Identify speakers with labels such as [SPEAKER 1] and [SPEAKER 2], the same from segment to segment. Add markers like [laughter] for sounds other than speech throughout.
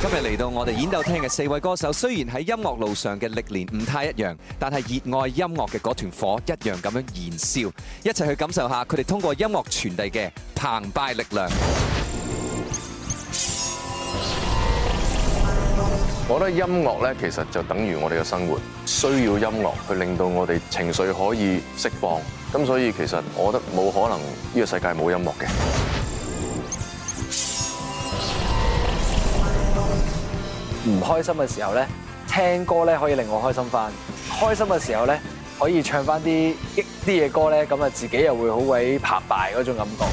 [SPEAKER 1] 今日嚟到我哋演奏廳嘅四位歌手，雖然喺音樂路上嘅歷練唔太一樣，但係熱愛音樂嘅嗰團火一樣咁樣燃燒，一齊去感受下佢哋通過音樂傳遞嘅澎湃力量。
[SPEAKER 2] 我覺得音樂咧，其實就等於我哋嘅生活，需要音樂去令到我哋情緒可以釋放。咁所以其實我覺得冇可能呢個世界冇音樂
[SPEAKER 3] 嘅。唔開心嘅時候咧，聽歌咧可以令我開心翻；開心嘅時候咧，可以唱翻啲益啲嘅歌咧，咁啊自己又會好鬼澎湃嗰種感覺。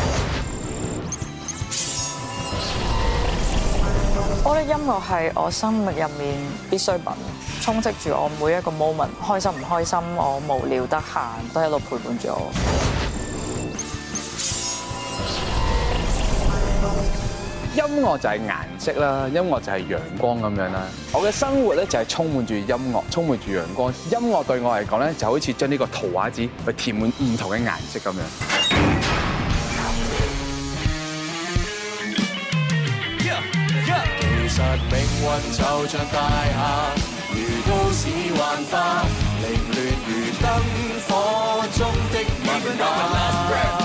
[SPEAKER 4] 我嘅音樂係我生命入面必需品，充積住我每一個 moment，開心唔開心，我無聊得閒都喺度陪伴住我。音樂就係顏色啦，音樂就係陽
[SPEAKER 2] 光咁樣啦。我嘅生活咧就係充滿住音樂，充滿住陽光。音樂對我嚟講咧就好似將呢個圖畫紙去填滿唔同嘅顏色咁樣。
[SPEAKER 5] yeah, yeah 其實。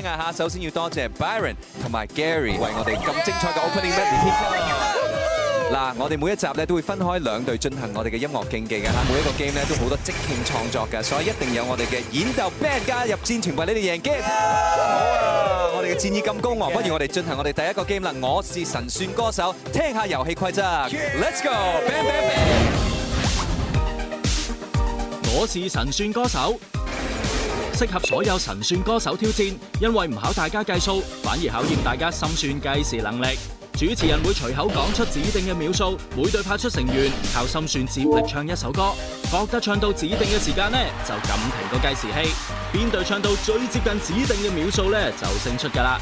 [SPEAKER 1] 聽啊吓，首先要多謝 Byron 同埋 Gary 為我哋咁精彩嘅 Opening Medley。嗱，我哋每一集咧都會分開兩隊進行我哋嘅音樂競技嘅，每一個 game 咧都好多即興創作嘅，所以一定有我哋嘅演奏 Band 加入戰團，為你哋贏 Game。好啊，我哋嘅戰意咁高啊，不如我哋進行我哋第一個 game 啦。我是神算歌手，聽下遊戲規
[SPEAKER 3] 則。Let's go！我是神算歌手。適合所有神算歌手挑戰，因為唔考大家計數，反而考驗大家心算計時能力。主持人會隨口講出指定嘅秒數，每隊派出成員靠心算接力唱一首歌，覺得唱到指定嘅時間呢，就撳停個計時器，邊隊唱到最接近指定嘅秒數呢，就勝出噶啦。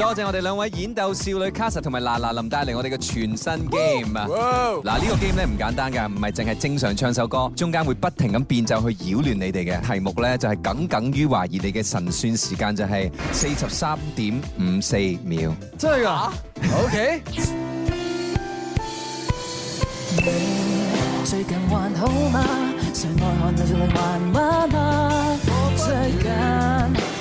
[SPEAKER 1] 多謝我哋兩位演鬥少女卡莎同埋娜娜林帶嚟我哋嘅全新 game。嗱呢個 game 咧，唔簡單㗎，唔係淨係正常唱首歌，中間會不停咁變奏去擾亂你哋嘅題目咧，就係、是、耿耿於懷，而你嘅神算時間就係四十三點五四秒
[SPEAKER 5] 真。真係 [laughs] 啊！OK。最
[SPEAKER 6] 近好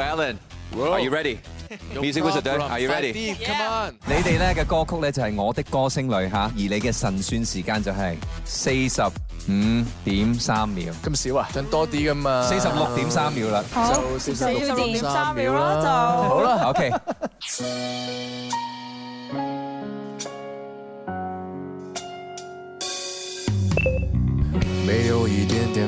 [SPEAKER 1] Alan，Are you ready?
[SPEAKER 5] Music wizard，Are you ready?、Yeah. Come on！你哋咧
[SPEAKER 1] 嘅歌曲咧就係《我的歌聲裏》嚇，而你嘅神算時間就係四十五點三秒，咁少啊？想多啲㗎嘛？四十六點三秒啦，就四十
[SPEAKER 2] 六點三秒啦，就，好啦，OK。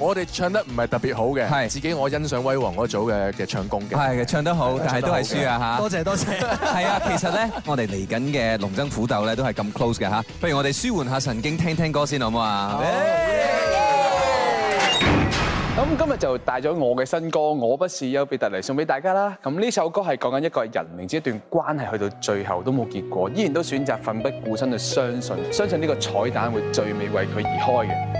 [SPEAKER 2] 我哋唱得唔係特別好嘅，係自己我欣賞威煌嗰組嘅嘅唱
[SPEAKER 1] 功嘅，係嘅，唱得好，但係都係輸啊嚇！多謝
[SPEAKER 3] 多謝，係啊，
[SPEAKER 1] 其實咧，我哋嚟緊嘅龍爭虎鬥咧都係咁 close 嘅嚇，不如我哋舒緩下神經，聽聽歌先好唔好啊？咁今日就帶咗我嘅新歌《我不是丘比特》嚟
[SPEAKER 2] 送俾大家啦。咁呢首歌係講緊一個人，明知一段關係，去到最後都冇結果，依然都選擇奮不顧身去相信，相信呢個彩蛋會最尾為佢而開嘅。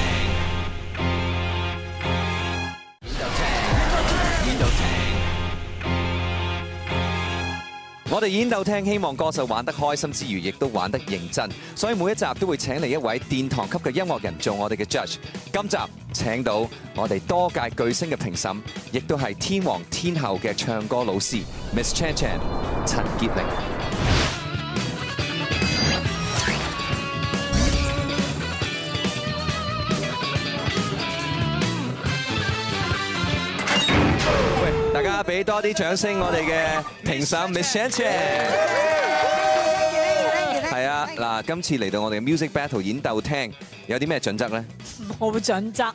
[SPEAKER 1] 我哋演奏廳希望歌手玩得開心之餘，亦都玩得認真，所以每一集都會請嚟一位殿堂級嘅音樂人做我哋嘅 judge。今集請到我哋多屆巨星嘅評審，亦都係天王天后嘅唱歌老師 Miss Chan Chan 陳潔靈。俾多啲掌聲，我哋嘅評審 Miss Chan Chan。係啊，嗱，今次嚟到我哋嘅 Music Battle 演鬥廳，有啲咩準則咧？
[SPEAKER 7] 冇準則。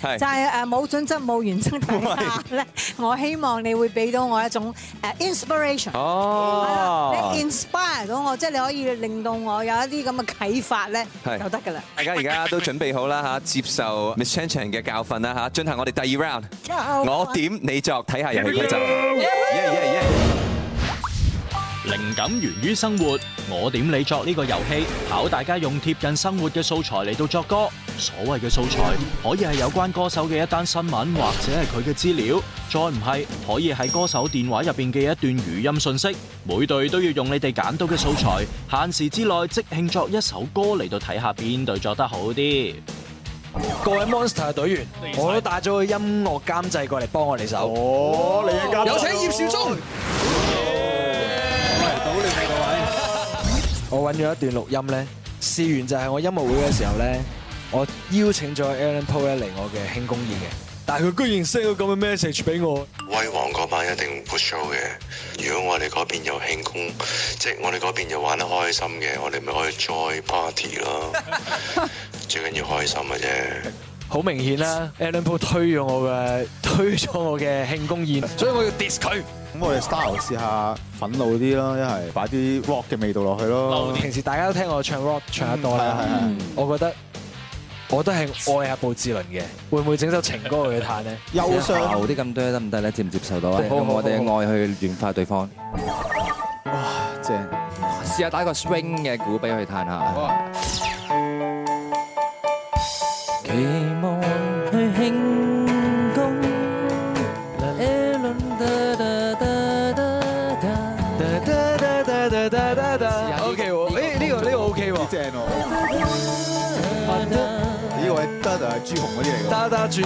[SPEAKER 7] 是就係誒，冇準則、冇原則底下咧，我希望你會俾到我一種誒 inspiration，是哦，inspire 到我，即係你可以令到我有一啲咁嘅啟發咧，就得㗎
[SPEAKER 1] 啦。大家而家都準備好啦嚇，接受 Miss Chan Chan 嘅教訓啦嚇，進行我哋第二 round，我點你作，睇下遊戲規則。
[SPEAKER 3] 靈感源於生活，我點你作呢個遊戲考大家用貼近生活嘅素材嚟到作歌。所謂嘅素材可以係有關歌手嘅一單新聞，或者係佢嘅資料，再唔係可以喺歌手電話入邊嘅一段語音信息。每隊都要用你哋揀到嘅素材，限時之內即興作一首歌嚟到睇下邊隊作得好啲。各位 monster 隊員，我帶咗個音樂監製過嚟幫我哋手。哦，
[SPEAKER 5] 李欣監有請葉肇中。
[SPEAKER 3] 我揾咗一段錄音咧，試完就係我音樂會嘅時候咧，我邀請咗 Alan Poy 嚟我嘅慶功宴嘅，但係佢居然 send 咗咁嘅 message 俾我。
[SPEAKER 2] 威煌嗰晚一定 put show 嘅，如果我哋嗰邊有慶功，即係我哋嗰邊有玩得開心嘅，我哋咪可以 joy party 咯，最緊要開心嘅
[SPEAKER 3] 啫。好明顯啦，Alan Poy 推咗我嘅，推咗我嘅慶功宴，所以我要 dis 佢。咁、pues、我哋 style 試下憤怒啲咯，一係擺啲 rock 嘅味道落去咯。平時大家都聽我唱 rock 唱得多啦，係啊。我覺得我都係愛阿布志綸嘅，會唔會整首情歌去嘆咧？憂傷啲
[SPEAKER 1] 咁多得唔得咧？接唔接受到啊？咁、嗯、我哋好愛去軟化對方。哇！正，試下打個 swing 嘅鼓俾佢嘆下。
[SPEAKER 6] 加得
[SPEAKER 3] 住，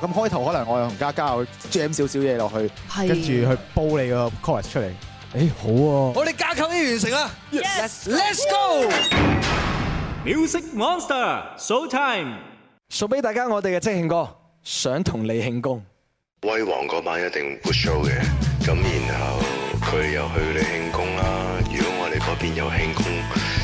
[SPEAKER 3] 咁開頭可能我同加加去 jam 少少嘢落去，跟住去煲你個 chorus 出嚟。誒，好喎，我哋架構已完成啦。Yes，Let's go。Music Monster Show Time。送俾大家我哋嘅即興歌，想同你慶功。
[SPEAKER 2] 威煌嗰晚一定會 show 嘅，咁然後佢又去你慶功啦。如果我哋嗰邊有慶功。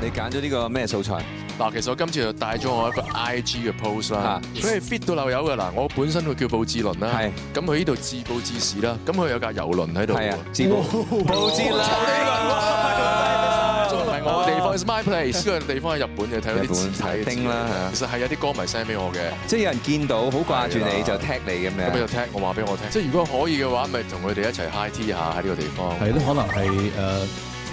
[SPEAKER 2] 你揀咗呢個咩素材？嗱，其實我今次就帶咗我一個 I G 嘅 post 啦，所以 fit 到漏油噶嗱。我本身個叫布志綸啦，咁佢呢度自暴自棄啦，咁佢有架遊輪喺度，自暴布志綸，仲
[SPEAKER 5] 唔係我嘅地方 It's my place，
[SPEAKER 2] 呢個地方喺日本嘅，睇嗰啲字體啦，其實係有啲歌迷 send 俾我嘅，即係有人見到好掛住你就 tag 你咁樣，咁佢就 tag 我話俾我聽。即係如果可以嘅話咪同佢哋一齊 high tea 一下喺呢個地方。係咯，可能係誒。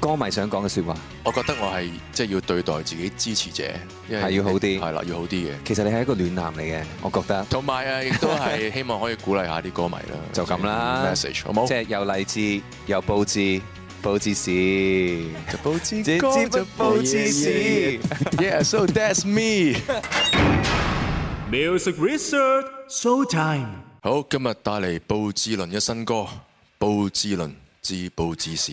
[SPEAKER 1] 歌迷想講嘅説話，我覺得我係即係要對待自己的支持者，係要好啲，係啦，要好啲嘅。其實你係一個暖男嚟嘅，我
[SPEAKER 2] 覺得。同埋啊，亦都係希望可以鼓勵一下啲歌迷啦， [laughs] 就咁啦，message 好冇？即係又
[SPEAKER 1] 勵志，又布志，布志士，接志， [laughs] 就布志士。Yeah,
[SPEAKER 5] yeah, yeah. yeah, so that's me. Music Research [laughs] Showtime。
[SPEAKER 2] 好，今日帶嚟布志綸嘅新歌《布志綸之布志士》。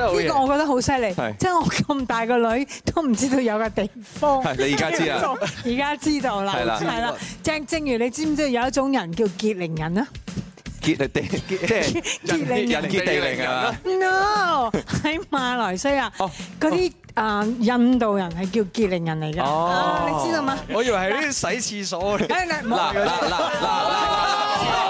[SPEAKER 7] 呢個我覺得好犀利，即我咁大個女都唔知道有個地方。你而家知啦，而家知道啦，係啦，係啦。正正如你知唔知有一種人叫傑靈人啊？
[SPEAKER 1] 傑靈人？傑靈人？傑靈人
[SPEAKER 7] ？No，喺馬來西亞嗰啲啊印度人係叫傑靈人嚟㗎，你知道嗎？我以為係啲洗廁所嚟。嗱嗱嗱嗱。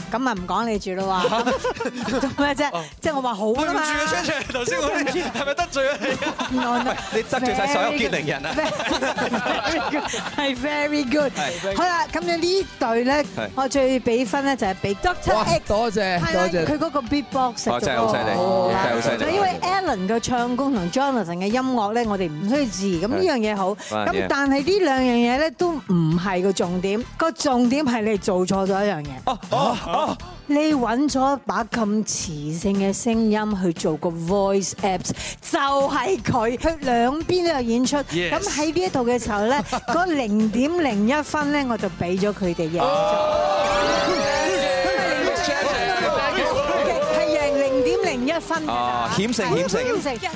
[SPEAKER 7] 咁咪唔講你住咯喎，做咩啫？即係我話好㗎嘛。住啊，Charles！頭先我係
[SPEAKER 5] 咪得罪咗你？唔係，你得罪曬所有見證
[SPEAKER 7] 人啊！係 very good，好啦，咁樣呢隊咧，我最俾分咧就係俾 Doctor X。多謝，多謝佢嗰個 Beatbox。哇，真係好犀利，真係好犀利。係因為 Alan 嘅唱功同 Jonathan 嘅音樂咧，我哋唔需要字。咁呢樣嘢好。咁但係呢兩樣嘢咧都唔係個重點。個重點係你做錯咗一樣嘢。哦，好。你揾咗把咁磁性嘅聲音去做個 voice apps，就係佢，佢兩邊都有演出。咁喺呢一度嘅時候咧，嗰零點零一分咧，我就俾咗佢哋贏咗，係贏零點零一分。哦，險勝險勝，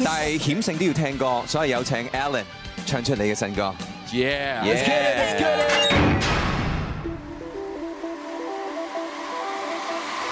[SPEAKER 7] 但係
[SPEAKER 1] 險勝都要聽歌，所以有請 Alan 唱出你嘅新歌。Yeah。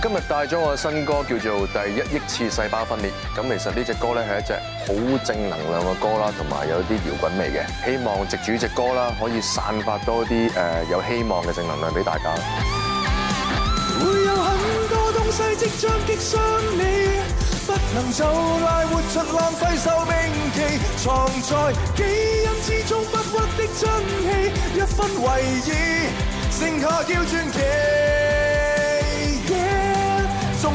[SPEAKER 2] 我今日帶咗我嘅新歌叫做《第一億次細胞分裂》，咁其實呢隻歌咧係一隻好正能量嘅歌啦，同埋有啲搖滾味嘅，希望藉住隻歌啦，可以散發多啲誒有希望嘅正能量俾大家。
[SPEAKER 5] 會有很多東西即將擊傷你，不能就賴活出，浪費壽命期，藏在基因之中不屈的真氣，一分為二，剩下叫傳奇。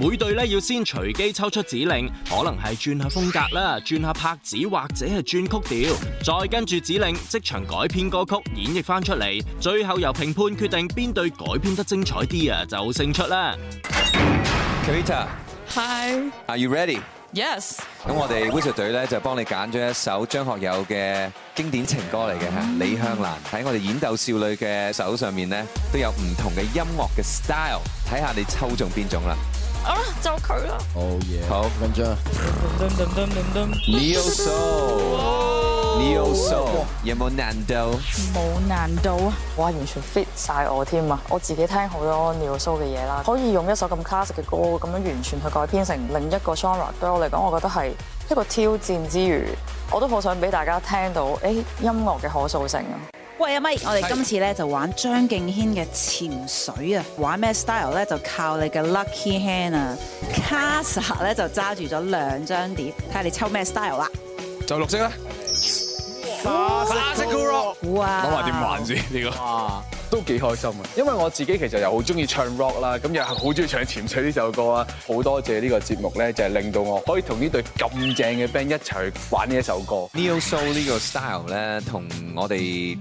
[SPEAKER 3] 每隊咧要先隨機抽出指令，可能係轉下風格啦，轉下拍子或者係轉曲調，再跟住指令即場改編歌曲演繹翻出嚟，最後由評判決定邊隊改編得精彩啲啊，就勝出啦。Kerryta,
[SPEAKER 4] Hi，Are
[SPEAKER 1] you ready？Yes、
[SPEAKER 4] er。咁我哋 w i s
[SPEAKER 1] 隊咧就幫你揀咗一首張學友嘅經典情歌嚟嘅吓，mm-hmm.《李香蘭》喺我哋演奏少女嘅手上面咧都有唔同嘅音樂嘅 style，睇下你抽中邊種啦。啊！就佢啦！Oh, yeah. 好跟真。Neo 張 Soul，Neo Soul，噗 Leo Soul 有冇難度？
[SPEAKER 4] 冇難度啊！哇，完全 fit 晒我添啊！我自己聽好多 Neo Soul 嘅嘢啦，可以用一首咁 classic 嘅歌咁樣完全去改編成另一個 genre 對我嚟講，我覺得係一個挑戰之餘，我都好想俾大家聽到誒、欸，音樂嘅可塑性啊！
[SPEAKER 7] 喂，阿咪，我哋今
[SPEAKER 4] 次咧就玩張敬軒嘅
[SPEAKER 6] 潛水啊！玩咩 style 咧就靠你嘅 lucky hand 啊！卡莎咧就揸住咗兩張碟，睇下你抽咩 style 啦！
[SPEAKER 2] 就綠色啦，
[SPEAKER 5] 粉色嘅 r o 哇！攞埋點
[SPEAKER 2] 玩先呢個？都幾開心啊！因為我自己其實又好中意唱 rock 啦，咁又係好中意唱潛水呢首歌啊！好多謝呢個節
[SPEAKER 1] 目咧，就係令到我可以同呢隊咁正嘅 band 一齊玩呢一首歌 ne Show 這。Neo Soul 呢個 style 咧，同我哋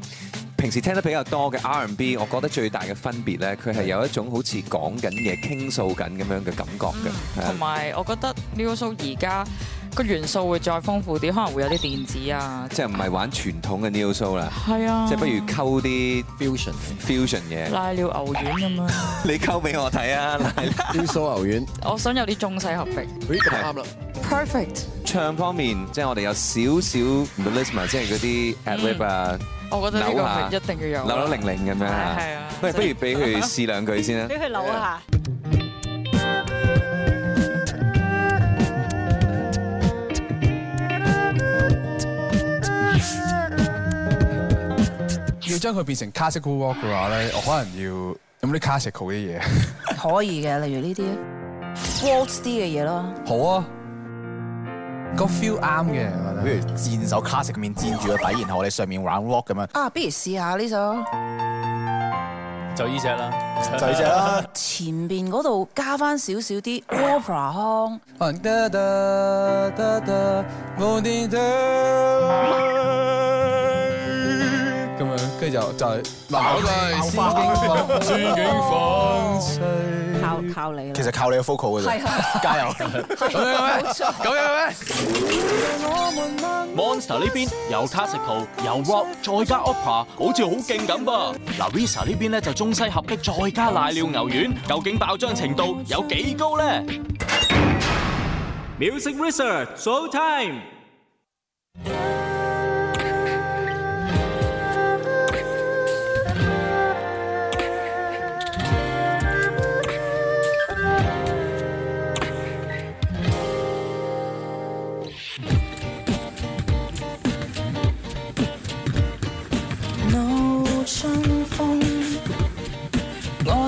[SPEAKER 1] 平時聽得比較多嘅 R&B，我覺得最大嘅分別咧，佢係有一種好似講緊嘢、傾訴緊咁樣嘅感覺嘅。同
[SPEAKER 4] 埋我覺得 neo soul 而家個元素會再豐富啲，可能會有啲電子啊，
[SPEAKER 1] 即係唔係玩傳統嘅 neo soul 啦。係啊，即係不如溝啲 fusion fusion 嘢。賴尿牛丸咁樣你溝俾我睇啊 neo soul 牛丸。
[SPEAKER 4] 我想有啲中西合璧。啱啦。Perfect。
[SPEAKER 1] 唱方面，即係我哋有少少 melisma 即係嗰啲 ad lib 啊。我覺得扭下，扭扭零零咁樣。係啊，喂，不如俾佢試兩句先啦。俾佢
[SPEAKER 7] 扭
[SPEAKER 2] 一下。要將佢變成 classical waltz 嘅話咧，我可能要有啲 classical 嘅嘢？
[SPEAKER 6] 可以嘅，例如呢啲，waltz 啲嘅嘢
[SPEAKER 3] 咯。好啊。那個 feel 啱嘅，不如箭手 classic 面墊住個底，然後我哋上面玩 rock 咁樣。
[SPEAKER 6] 啊，不如試下呢首，
[SPEAKER 3] 就依隻啦，就依隻啦。
[SPEAKER 6] 前邊嗰度加翻少少啲 opera 腔。
[SPEAKER 3] 就就係嗱，
[SPEAKER 5] 究
[SPEAKER 6] 竟究竟火？靠靠你！
[SPEAKER 3] 其實靠你嘅 focal 嘅啫，加油！咁樣咩？咁樣咩？Monster 呢邊有 classical，有 rock，再加 opera，好似好勁咁噃。嗱，Risa 呢邊咧就中西合璧，再加瀨尿牛丸，究竟爆漿程度有幾高咧？Music Risa Show Time！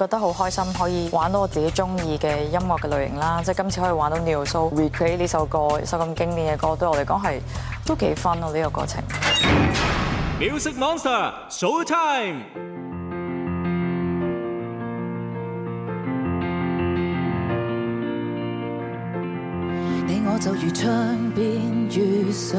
[SPEAKER 4] 覺得好開心，可以玩到我自己中意嘅音樂嘅類型啦，即係今次可以玩到 New Soul Recreate 呢首歌，一首咁經典嘅歌，對我嚟講係都幾 fun
[SPEAKER 3] 呢個過程。Music Monster Show Time，
[SPEAKER 6] 你我就如窗邊雨水。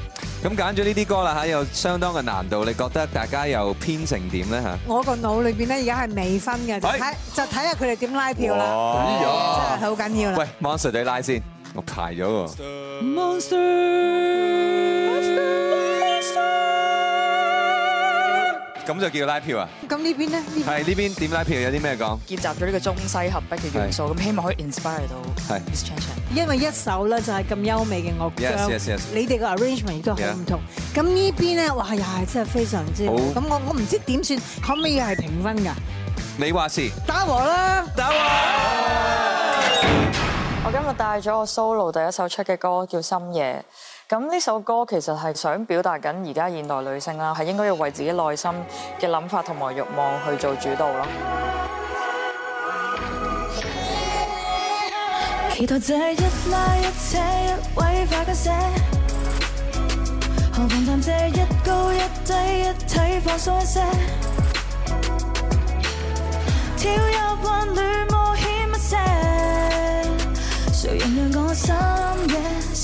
[SPEAKER 1] 咁揀咗呢啲歌啦吓，有相當嘅難度，你覺得大家又編成點咧吓？
[SPEAKER 7] 我個腦裏面咧而家係未分嘅，就睇是就睇下佢哋點拉票啦，真係好緊要啦。喂
[SPEAKER 1] ，Monster 你先拉先，我排咗喎
[SPEAKER 7] 者。Monster
[SPEAKER 1] 咁就叫拉票啊！咁呢邊咧？係呢邊點拉票？有啲咩講？
[SPEAKER 7] 結合咗呢個中西合璧嘅元素，
[SPEAKER 1] 咁對 希望可以 inspire 到。
[SPEAKER 7] 係。因為一首咧就係咁優美嘅樂章，你哋個 arrangement 亦都好唔同。咁對 呢邊咧，哇，又係真係非常之。好。咁我我唔知點算，可唔可以係平分噶？
[SPEAKER 1] 你話事，
[SPEAKER 7] 打和啦，打和，打
[SPEAKER 4] 和。我今日帶咗我 solo 第一首出嘅歌，叫《深夜》。咁呢首歌其實係想表達緊而家現代女性啦，係應該要為自己內心嘅諗法同埋慾望去做主導
[SPEAKER 6] 咯。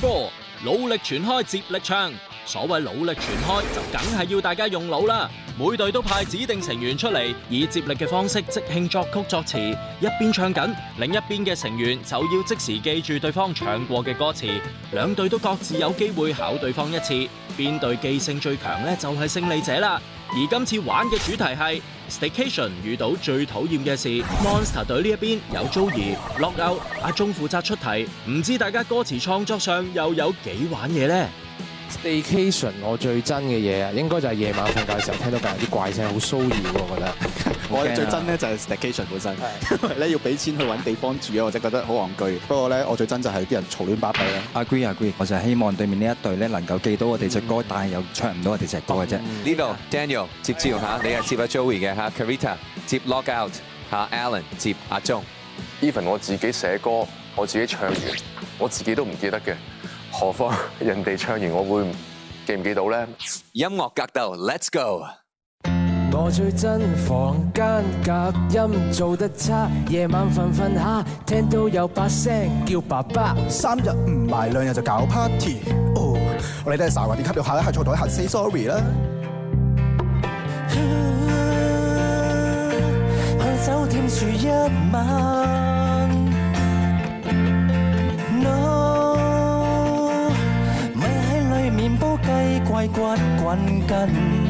[SPEAKER 3] 科腦力全開接力唱，所謂腦力全開就梗係要大家用腦啦。每隊都派指定成員出嚟以接力嘅方式即興作曲作詞，一邊唱緊，另一邊嘅成員就要即時記住對方唱過嘅歌詞。兩隊都各自有機會考對方一次，邊隊記性最強呢？就係勝利者啦。而今次玩嘅主題係。Staycation 遇到最討厭嘅事，Monster 隊呢一邊有遭疑落勾，阿中負責出題，唔知大家歌詞創作上又有幾玩嘢呢？Staycation 我最憎嘅嘢啊，應該就係夜晚瞓覺嘅時候聽到隔籬啲怪聲，好騷擾我覺得。我,我最憎咧就係 Staycation 本身，咧的要俾錢去搵地方住啊！ [laughs] 我就覺得好戇居。不過咧，我最憎就係啲人嘈亂巴閉啦。Agree，agree，我就希望對面呢一隊咧能夠記我、mm. 到我哋隻歌，但係又唱唔到我哋隻歌嘅啫。
[SPEAKER 1] 呢度 Daniel 接招吓、哎、呀你係接阿 Joey 嘅吓 Kerryta 接 Lockout 吓 Alan 接阿張。Even 我自己寫歌，
[SPEAKER 2] 我自己唱完，我自己都唔記得嘅，何況人哋唱完，我會
[SPEAKER 1] 記唔記到咧？音樂格鬥，Let's go！
[SPEAKER 5] 我最憎房
[SPEAKER 3] 間隔音做得差，夜晚瞓瞓下，聽到有把聲叫爸爸。三日唔埋，兩日就搞 party。哦，我哋都係傻啩，點解要下一下坐台行，say sorry 啦？
[SPEAKER 5] 喺、啊、酒店住一晚，no，咪喺裏面煲雞怪骨滾筋。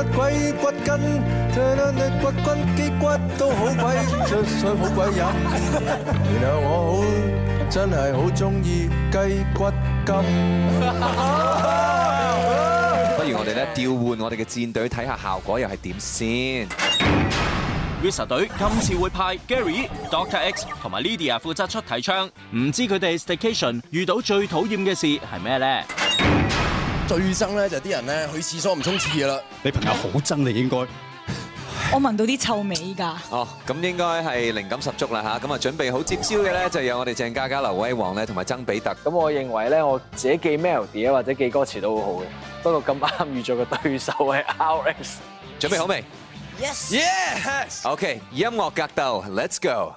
[SPEAKER 5] 骨骨筋，骨骨雞骨都好鬼，出水好鬼飲。然後我好真係好中意雞骨筋。不如我哋咧調
[SPEAKER 1] 換我哋嘅戰
[SPEAKER 3] 隊睇下效果又係點先。Visa 隊今次會派 Gary、Doctor X 同埋 Lydia 負責出體槍，唔知佢哋 Staycation 遇到最討厭嘅事係咩咧？最憎咧就啲人咧去廁所唔沖廁嘅啦，你朋友好憎你應該。
[SPEAKER 4] 我聞到啲臭味㗎。哦，
[SPEAKER 3] 咁應該係
[SPEAKER 1] 靈感十足啦嚇，咁啊準備好接招嘅咧就由我哋鄭嘉嘉、劉威煌咧同埋曾比特。
[SPEAKER 3] 咁我認為咧我自己記 melody 或者記歌詞都好好嘅，不過咁啱遇咗個對手係
[SPEAKER 1] Alex，準備好未？Yes，OK，音樂格鬥，Let's
[SPEAKER 6] go。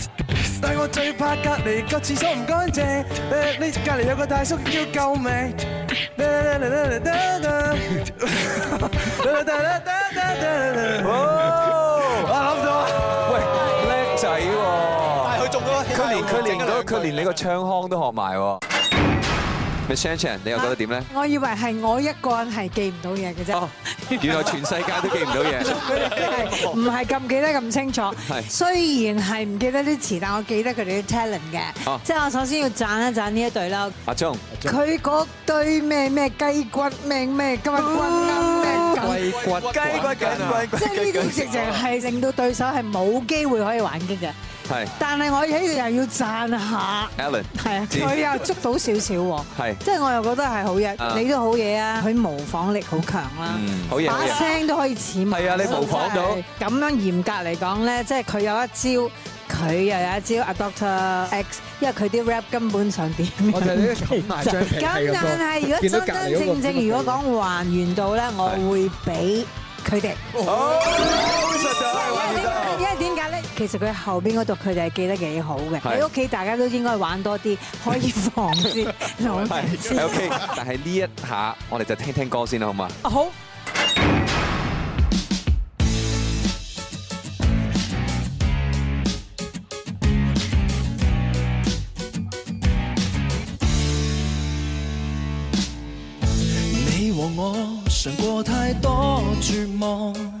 [SPEAKER 5] 但我最怕隔離個廁所唔乾淨，呢隔離有個大叔叫救命。啊，諗到，喂，叻仔喎！但佢中咗，佢連佢連
[SPEAKER 1] 佢連你個唱腔都學埋喎。你又覺得點咧？
[SPEAKER 7] 我以為係我一個人係記唔到嘢嘅啫，
[SPEAKER 1] 原來全世界都記唔到嘢，
[SPEAKER 7] 唔係咁記得咁清楚。雖然係唔記得啲詞，但我記得佢哋啲 talent 嘅。即係我首先要讚一讚呢一隊啦。阿中，佢嗰對咩咩雞骨咩咩雞骨啊咩雞
[SPEAKER 1] 骨雞骨緊啊！即係呢種直情
[SPEAKER 7] 係令到對手係冇機會可以玩嘅。係，但係我喺度又要讚下
[SPEAKER 1] Alan，係啊，佢又
[SPEAKER 7] 捉到少少喎，即係我又覺得係好嘢，你都好嘢啊，佢模仿力好強啦，好嘢，把聲都可以似埋。係啊，你模仿到咁樣嚴格嚟講咧，即係佢有一招，佢又有一招，Doctor X，因為佢啲 rap 根本上點？我就呢啲抌埋張皮咁，但係如果真真正正如果講還原到咧，我會俾佢哋。
[SPEAKER 5] 好，因為點？因為點解
[SPEAKER 7] 咧？其實佢後邊嗰度佢哋係記得幾好嘅，喺屋企大家都應該玩多啲，可以防止老
[SPEAKER 1] 師。係 OK， [laughs] 但係呢一下我哋就聽聽歌先啦，好嗎？
[SPEAKER 7] 啊好。
[SPEAKER 5] 你和我，捱過太多絕望。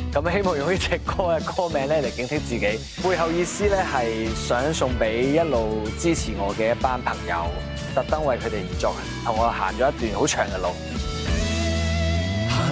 [SPEAKER 3] 咁希望用呢隻歌嘅歌名咧嚟，警惕自己，背後意思咧係想送俾一路支持我嘅一班朋友，特登為佢哋而作，同我行咗一段好長嘅路。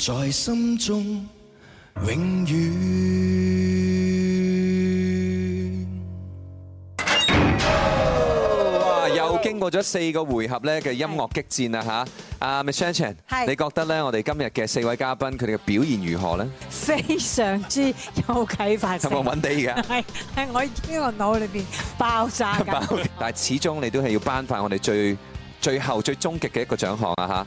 [SPEAKER 5] 在心中永遠。哇！又
[SPEAKER 1] 經過咗四個回合咧嘅音樂激戰啊吓係，阿 Miss Chan，你覺得呢，我哋今日嘅四位嘉賓佢哋嘅表現如何呢？
[SPEAKER 7] 非常之有啟發係咪，咁穩定地嘅。係，係我已經個腦裏邊爆炸噶。
[SPEAKER 1] 但係始終你都係要頒發
[SPEAKER 3] 我哋最最後最終極嘅一個獎項啊吓。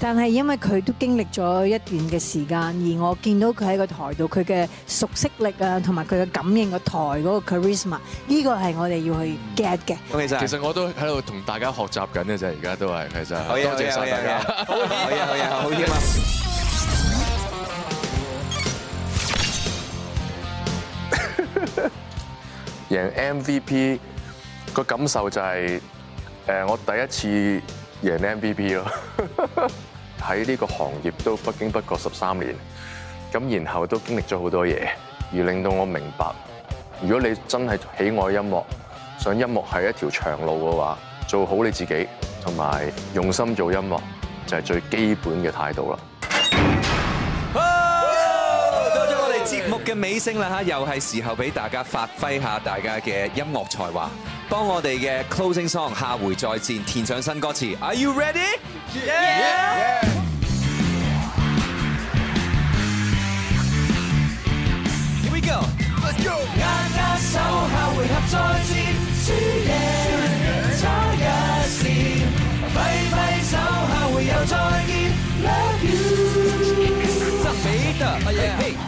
[SPEAKER 7] 但係因為佢都經歷咗一段嘅時間，而我見到佢喺個台度，佢嘅熟悉力啊，同埋佢嘅感應個台嗰個 charisma，呢個係我哋要去 get 嘅。多謝
[SPEAKER 2] 晒大家。其實我都喺度同大家學習緊嘅啫，而家都係其實。好嘅，好嘅，好嘅。
[SPEAKER 5] 好嘅，好嘅，好嘅。
[SPEAKER 2] 贏 MVP 個感受就係誒，我第一次。贏 MVP 咯！喺 [laughs] 呢個行業都不經不覺十三年，咁然後都經歷咗好多嘢，而令到我明白，如果你真係喜愛音樂，想音樂係一條長路嘅話，做好你自己，同埋用心做音樂，就係最基本嘅態度啦。
[SPEAKER 1] 節目嘅尾聲啦嚇，又係時候俾大家發揮下大家嘅音樂才華，當我哋嘅 closing song 下回再戰填上新歌詞。Are you ready? Yeah.
[SPEAKER 5] Here we go. Let's go. 握握手下回合再戰，輸贏差一線。揮揮手下回又再見，Love you。真美的，哎呀。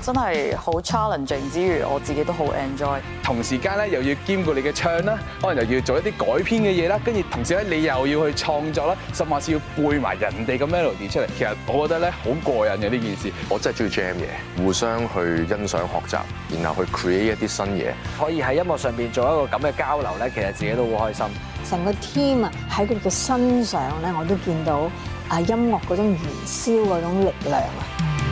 [SPEAKER 4] 真係好 challenging
[SPEAKER 2] 之餘，我自己都好 enjoy。同時間咧，又要兼顧你嘅唱啦，可能又要做一啲改編嘅嘢啦，跟住同時咧，你又要去創作啦，甚至要背埋人哋嘅 melody 出嚟。其實我覺得咧，好過癮嘅呢件事。我真係中意 jam 嘢，互相去欣賞學習，然後去 create 一啲新嘢，
[SPEAKER 3] 可以喺音樂上邊做一個咁嘅交流咧，其實自己都好開心。
[SPEAKER 7] 成個 team 啊，喺佢哋嘅身上咧，我都見到啊音樂嗰種燃燒嗰種力量啊！